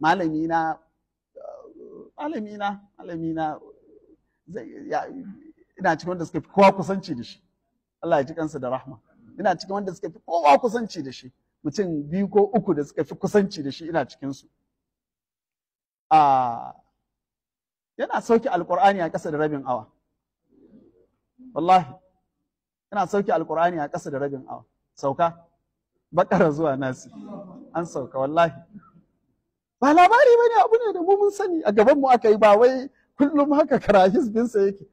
malami na malami na malami na ina cikin wanda suka fi kowa kusanci da shi Allah ya ji kansa da rahma ina cikin wanda suka fi kowa kusanci da shi mutum biyu ko uku da suka fi kusanci da shi ina cikin su yana sauki alkur'ani a ƙasa da rabin awa wallahi yana sauki alkur'ani a ƙasa da rabin awa sauka bakara zuwa nasi an sauka wallahi ba labari ba ne abu ne da mun sani a gaban mu aka yi ba wai kullum haka kara hizbinsa yake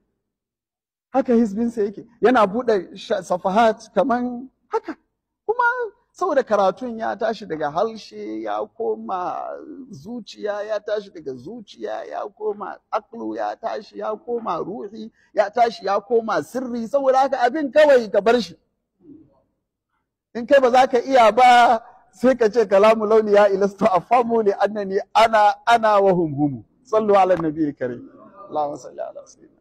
haka hizbinsa yake yana buɗe safahat kaman haka kuma saboda karatun ya tashi daga halshe ya koma zuciya ya tashi daga zuciya ya koma aklu ya tashi ya koma ruhi ya tashi ya koma sirri saboda haka abin kawai ka bar shi in kai ba za ka iya ba sai ka ce kalamu launi ya ilasta famu ne annani ana ana wa humhumu sallu ala nabiyil karim allahumma salli ala sayyidina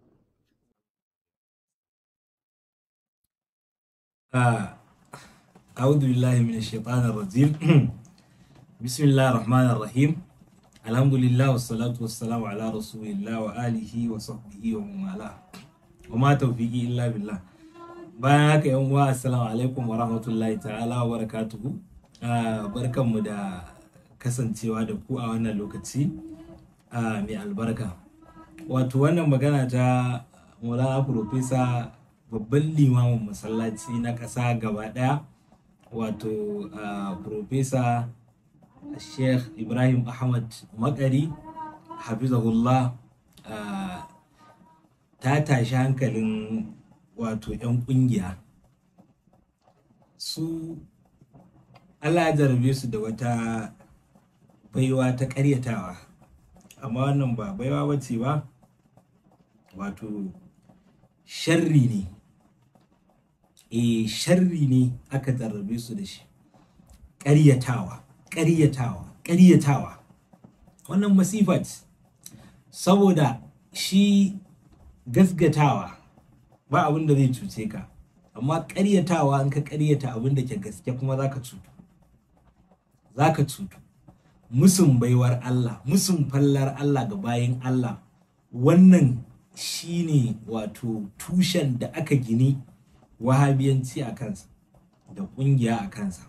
أعوذ بالله من الشيطان الرجيم بسم الله الرحمن الرحيم الحمد لله والصلاة والسلام على رسول الله وآله وصحبه ومن والاه وما توفيقي إلا بالله bayan haka yan uwa assalamu alaikum wa rahmatullahi ta'ala wa Ah, barkanmu da kasancewa da ku a wannan lokaci ah, mai albarka wato wannan magana ta maulana profesa babban limamin masallaci na ƙasa gaba ɗaya wato ah, profesa sheikh ibrahim ahmad makari hafizahullah ta tashi hankalin wato 'yan ƙungiya su Allah ya jarabe su da wata baiwa ta ƙaryatawa amma wannan ba baiwa bace ba wato sharri ne eh sharri ne aka jarrabe su da shi ƙaryatawa ƙaryatawa ƙaryatawa wannan masifat saboda shi gasgatawa, ba abin da zai cuce ka amma ƙaryatawa an ka ƙaryata abin da ke gaske kuma za ka cutu za ka cutu musun baiwar Allah musun fallar Allah ga bayin Allah wannan shine wato tushen da aka gini wahabiyanci a kansa da ƙungiya a kansa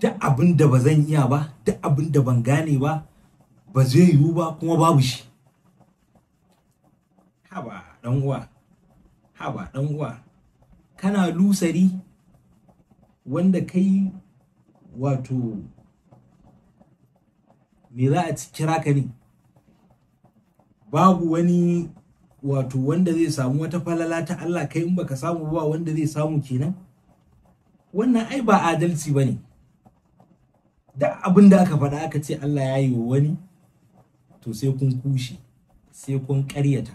Da abin da ba zan iya ba da abin ban gane ba ba zai yiwu ba kuma babu shi haba ɗan uwa haba ɗan uwa kana lusari wanda kai wato me za a kira ka ne babu wani wato wanda zai samu wata falala ta Allah kai in baka samu ba wanda zai samu kenan wannan ai ba adalci ba ne da abin da aka faɗa aka ce Allah ya yi wa wani to sai kun kushe sai kun ƙaryata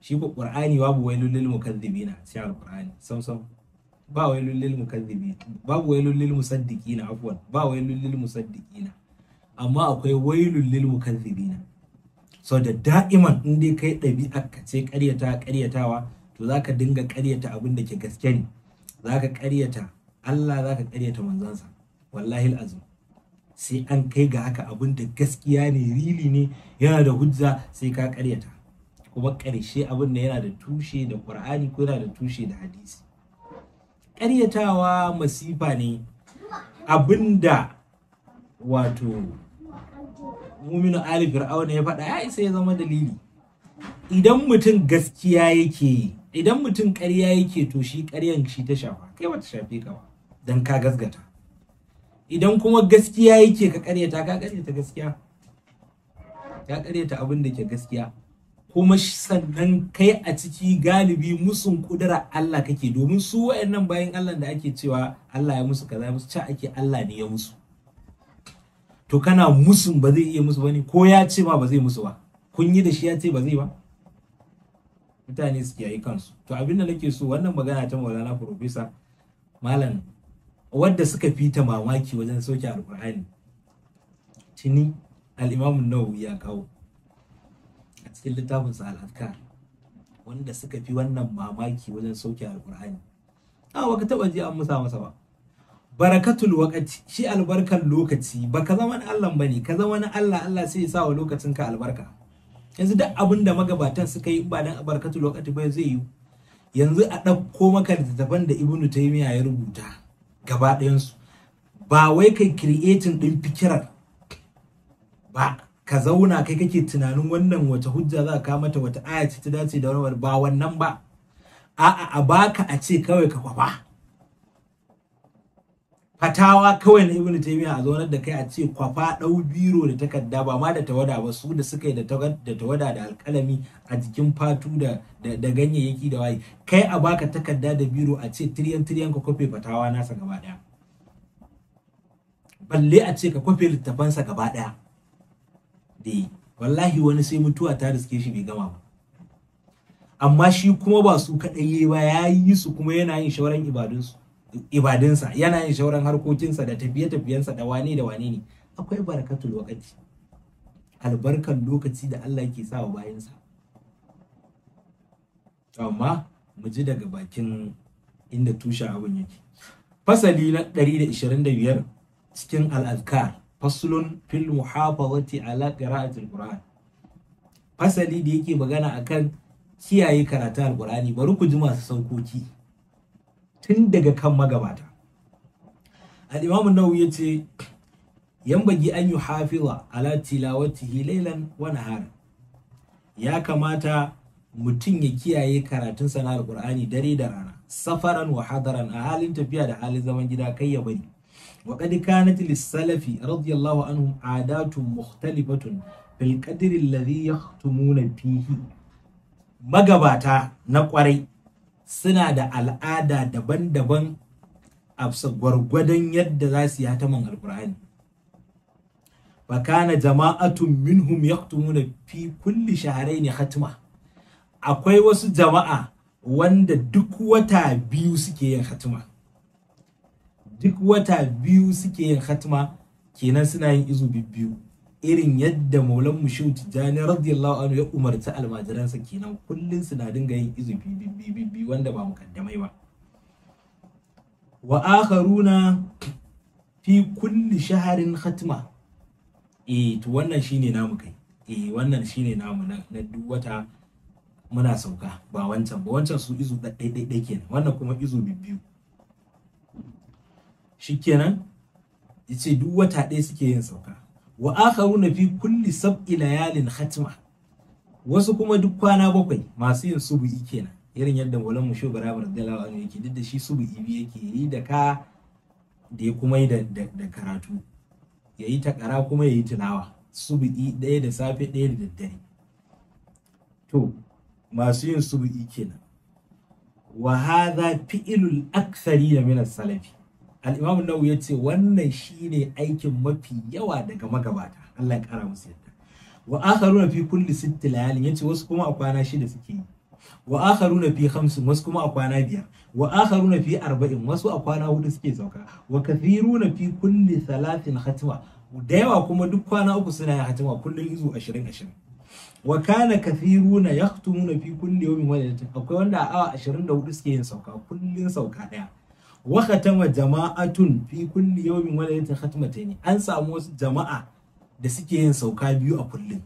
shi ba ƙur'ani babu wailul lil mukazzibina sai al-qur'ani sam sam ba wai lil mukazzibi babu wailul lil musaddiqina afwan ba wailul musaddiqina amma akwai wailul lil na. so da da'iman in dai kai ɗabi'a ka ce ƙaryata ƙaryatawa to zaka dinga ƙaryata abin da ke gaske ne zaka ƙaryata Allah zaka ƙaryata manzansa wallahi azum sai an kai ga haka abin da gaskiya ne rili ne yana da hujja sai ka ƙaryata kuma ƙarshe abin da yana da tushe da Qur'ani ko yana da tushe da hadisi ƙaryatawa masifa ne abinda wato muminu ali fir'auna ya faɗa ya isa ya zama dalili idan mutum gaskiya yake yi idan mutum ƙarya yake to shi ƙaryan shi ta shafa kai bata shafe ka ba dan ka gasgata idan kuma gaskiya yake ka ƙaryata ka ƙaryata gaskiya ka ƙaryata abin da ke gaskiya kuma sannan kai a ciki galibi musun kudura Allah kake domin su wayannan bayan Allah da ake cewa Allah ya musu kaza musu ca ake Allah ne ya musu to kana musun ba zai iya musu bane ko ya ce ma ba zai musu ba kun yi da shi ya ce ba zai ba mutane su kiyaye kansu to abin da nake so wannan magana ta Maulana Professor Malam wadda suka fita mamaki wajen soke alkur'ani tuni al-Imam Nawawi ya kawo a cikin littafin sa wanda suka fi wannan mamaki wajen sauke alqur'ani a waka taba ji an musa masa ba barakatul waqti shi albarkan lokaci baka zama na Allah bane ka zama na Allah Allah sai ya sa wa lokacin ka albarka yanzu duk abin da magabatan suka yi ba dan barakatul waqti ba zai yi yanzu a ɗauko maka littattafan da ibnu taymiya ya rubuta gaba ɗayansu ba wai kai creating ɗin fikirar ba ka zauna kai kake tunanin wannan wata hujja za ka ta wata aya ce ta dace da warwar ba wannan ba a'a a baka a ce kawai ka kwafa fatawa kawai na ibnu taymiya a zaunar da kai a ce kwafa dau biro da takarda ba ma da tawada ba su da suka yi da tawada da alkalami a jikin fatu da da ganyayyaki da waye kai a baka takarda da biro a ce tiryan tiryan ka kofe fatawa nasa gaba daya balle a ce ka kwafe littafansa gaba daya da yi wallahi wani sai mutuwa ta riske shi bai gama ba amma shi kuma ba su kaɗai yi ba ya yi su kuma yana yin shauran ibadunsa yana yin shauran harkokinsa da tafiye-tafiyensa da wane da wane ne akwai barakatul lokaci albarkan lokaci da Allah ke sa wa bayansa amma mu ji daga bakin inda tushen abin yake fasali na 125 cikin al'adkar faslun fil muhafazati ala qira'atil qur'an fasali da yake magana akan kiyaye karatu alqur'ani bari ku ji masu saukoki tun daga kan magabata al-imam an-nawawi yace yambagi an yuhafiza ala tilawatihi laylan wani nahara ya kamata mutum ya kiyaye karatun sana alqur'ani dare da rana safaran wa hadaran a halin tafiya da halin zaman gida kai ya bari وقد كانت للسلف رضي الله عنهم عادات مختلفة بالقدر الذي يختمون فيه magabata na ƙwarai suna da al'ada daban-daban a gwargwadon yadda za su yi hataman alkur'ani fakana jama'atun minhum yaktumuna fi kulli shahrayn hatma akwai wasu jama'a wanda duk wata biyu suke yin hatima? duk wata biyu suke yin hatima kenan suna yin izu biyu irin yadda maulan mushu tijjani radiyallahu anhu ya umarci almajiransa kenan kullum suna dinga yin izu biyu wanda ba mukaddamai ba wa akharuna fi kulli shaharin hatima eh to wannan shine namu kai eh wannan shine namu na duk wata muna sauka ba wancan ba wancan su izu ɗaiɗaiɗai kenan wannan kuma izu biyu shikenan yace duk wata ɗaya suke yin sauka wa akharuna fi kulli sab'i layalin khatma wasu kuma duk kwana bakwai masu yin subu'i kenan irin yadda walan musho barabar dalawa ne yake duk da shi subu'i bi yake yi da ka da ya kuma yi da karatu ya yi takara kuma ya yi tilawa subu'i ɗaya da safe ɗaya da daddare to masu yin subu'i kenan wa hadha fi'lul akthari min as-salafi al'imamun Nau ya ce wannan shine aikin mafi yawa daga magabata Allah ya kara musu yadda wa akharuna fi kulli sitti layalin yace wasu kuma a kwana shida suke yi wa akharuna fi khamsin wasu kuma a kwana biyar wa akharuna fi arba'in wasu a kwana hudu suke sauka wa kathiruna fi kulli thalathin khatma da yawa kuma duk kwana uku suna yin khatma kullun izu 20 20 wa kana kathiruna yahtumuna fi kulli yawmin wa akwai wanda a awa 24 suke yin sauka kullun sauka daya wa jama'atun fi kulli yawmin wa laylatin khatmatayn an samu wasu jama'a da suke yin sauka biyu a kullum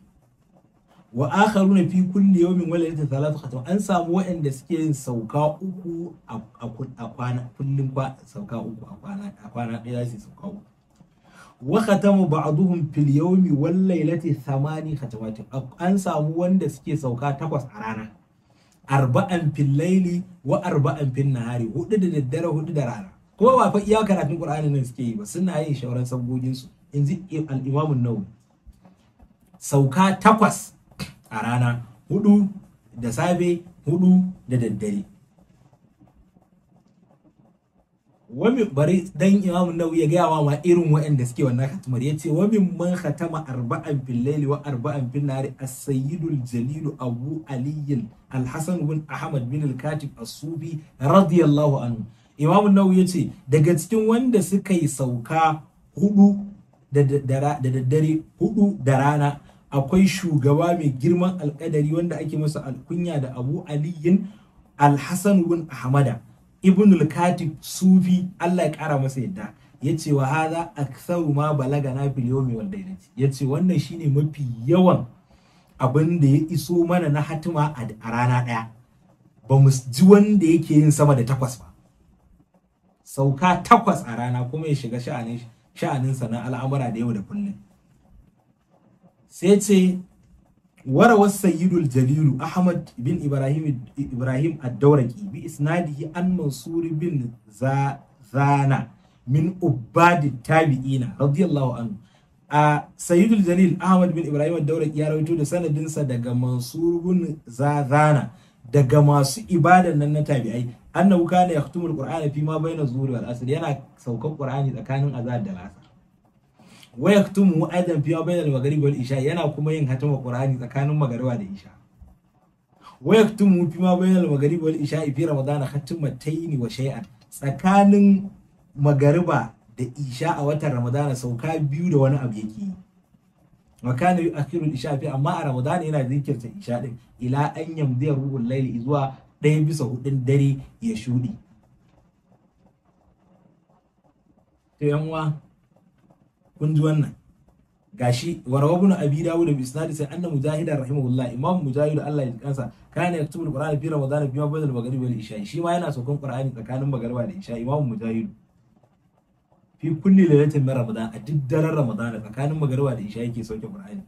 wa akharuna fi kulli yawmin wa laylatin thalath khatam an samu waɗanda suke yin sauka uku a kwana kullum ba sauka uku a kwana a kwana ɗaya su sauka uku wa khatamu ba'duhum fil yawmi wal laylati thamani khatawatin an samu wanda suke sauka takwas a rana arba'an fil laili wa arba'an fil nahari hudu da daddare hudu da rana kuma ba fa iya karatun qur'ani ne suke yi ba suna yin shauran sabgogin su ji al-imam an-nawawi sauka takwas a rana hudu da safe hudu da daddare wani bari dan imamun nawawi ya gaya wa ma irin waɗanda suke wannan khatimar ya ce wani man khatama arba'an fil laili wa arba'an fil nahari as-sayyidul jalilu abu aliyin AlHassan hasan bin ahmad bin al-katib as-sufi radiyallahu anhu imamu nawawi yace daga cikin wanda suka yi sauka hudu da daddare hudu da rana akwai shugaba mai girman alkadari wanda ake masa alkunya da abu aliyin AlHassan bin ahmada ibn al-katib sufi Allah ya kara masa yadda yace wa hadha aktharu ma balaga na fil yawmi wal Ya yace wannan shine mafi yawan abin da ya iso mana na hatima a rana ɗaya ba mu ji wanda yake yin sama da takwas ba sauka takwas a rana kuma ya shiga sha'aninsa na al'amura da yau da kullum sai ce warawar sayyidul jalilu ahmad bin ibrahim ibrahim ad-dawraki bi isnadihi an mansur bin zana min ubadi tabi'ina radiyallahu anhu a sayyidul jalil ahmad bin ibrahim daura ya rawaito da sanadinsa daga mansur bin zazana daga masu ibadan nan na tabi'ai annahu kana yaktumul qur'ana fi ma bayna zuhri wal asr yana saukan qur'ani tsakanin azhar da asr wa yaktumu aidan fi ma bayna al maghrib wal isha yana kuma yin hatama qur'ani tsakanin magariba da isha wa yaktumu fi ma bayna al maghrib wal isha fi ramadan khatmatayn wa shay'an tsakanin magariba da isha a watan ramadana sauka biyu da wani abu yake makana yi yu'akhiru isha fi amma a ramadana yana zikirta isha din ila an yamdiya ruhul layli zuwa ɗaya bisa hudun dare ya shudi to yan uwa kun ji wannan gashi warawa ibn abi dawud bi isnad sai annabi mujahid rahimahullah imam mujahid Allah ya kansa kana yaktubul qur'ana fi ramadan bi ma bainal maghrib wal isha shi ma yana saukan qur'ani tsakanin magriba da isha imam mujahid fi kulli lailatin min ramadan a duk daren ramadan tsakanin magariba da isha yake sauke qur'ani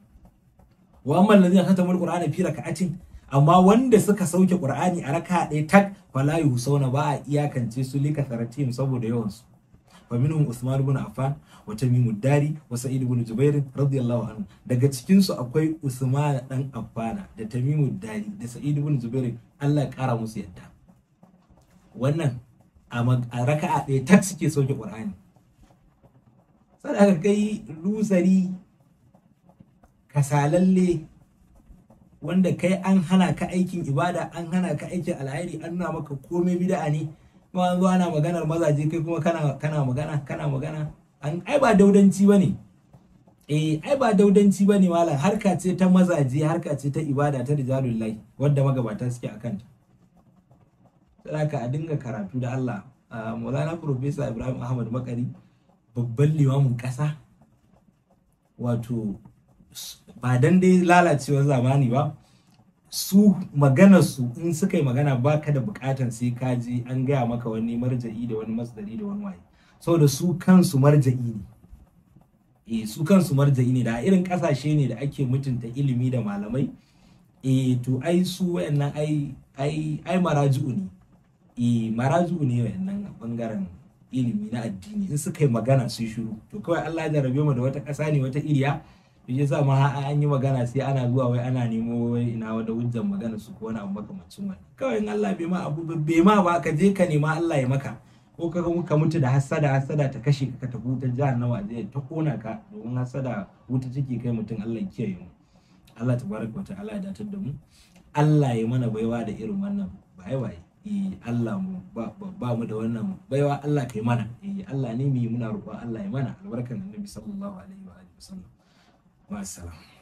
wa amma allazina khatamul qur'ana fi raka'atin amma wanda suka sauke qur'ani a raka'a ɗaya tak fala yusawna ba a iyakance su lika saratim saboda yawan su fa minhum usman ibn affan wa tamim dari wa sa'id ibn jubair radiyallahu anhu daga cikin su akwai usman dan affana da tamim dari da sa'id ibn jubair Allah ya kara musu yadda wannan a raka'a ɗaya tak suke sauke qur'ani sai ka kai luzari kasalalle wanda kai an hana ka aikin ibada an hana ka aikin alhairi an nuna maka komai bid'a ne kuma an zo ana maganar mazaje kai kuma kana kana magana kana magana an ai ba daudanci bane eh ai ba daudanci bane malam harka ce ta mazaje harka ce ta ibada ta rijalullahi wanda magabata suke akan ta saboda a dinga karatu da Allah ah, Maulana Professor Ibrahim Ahmad Makari babban limamin ƙasa wato ba dan dai lalacewar zamani ba su magana su in suka yi magana ba ka da bukatan sai ka ji an gaya maka wani marja'i da wani masdari da wani waye saboda su kansu marja'i ne e su kansu marja'i ne da irin kasashe ne da ake mutunta ilimi da malamai e to ai su wayannan ai ai ai maraju'u ne e eh, maraju'u ne wayannan a bangaren ilimi na addini in suka yi magana su shiru to kawai Allah ya jarabe mu da wata ƙasa ne wata iriya ya sa ma an yi magana sai ana zuwa wai ana nemo wai ina wada wujjan magana su ko wani abu makamancin wani kawai in Allah bai ma abu bai ma ba ka je ka nema Allah ya maka ko ka ka mutu da hasada hasada ta kashe ka ta hutar nawa zai ta kona ka domin hasada wuta take kai mutum Allah ya kiyaye mu Allah tabaraka wa ta'ala ya datar da mu Allah ya mana baiwa da irin wannan baye Eh, Allah mu ba mu da wannan baiwa Allah kai mana eh. Allah ne mu muna roƙo Allah ya mana albarkan annabi sallallahu alaihi wa alihi wasallam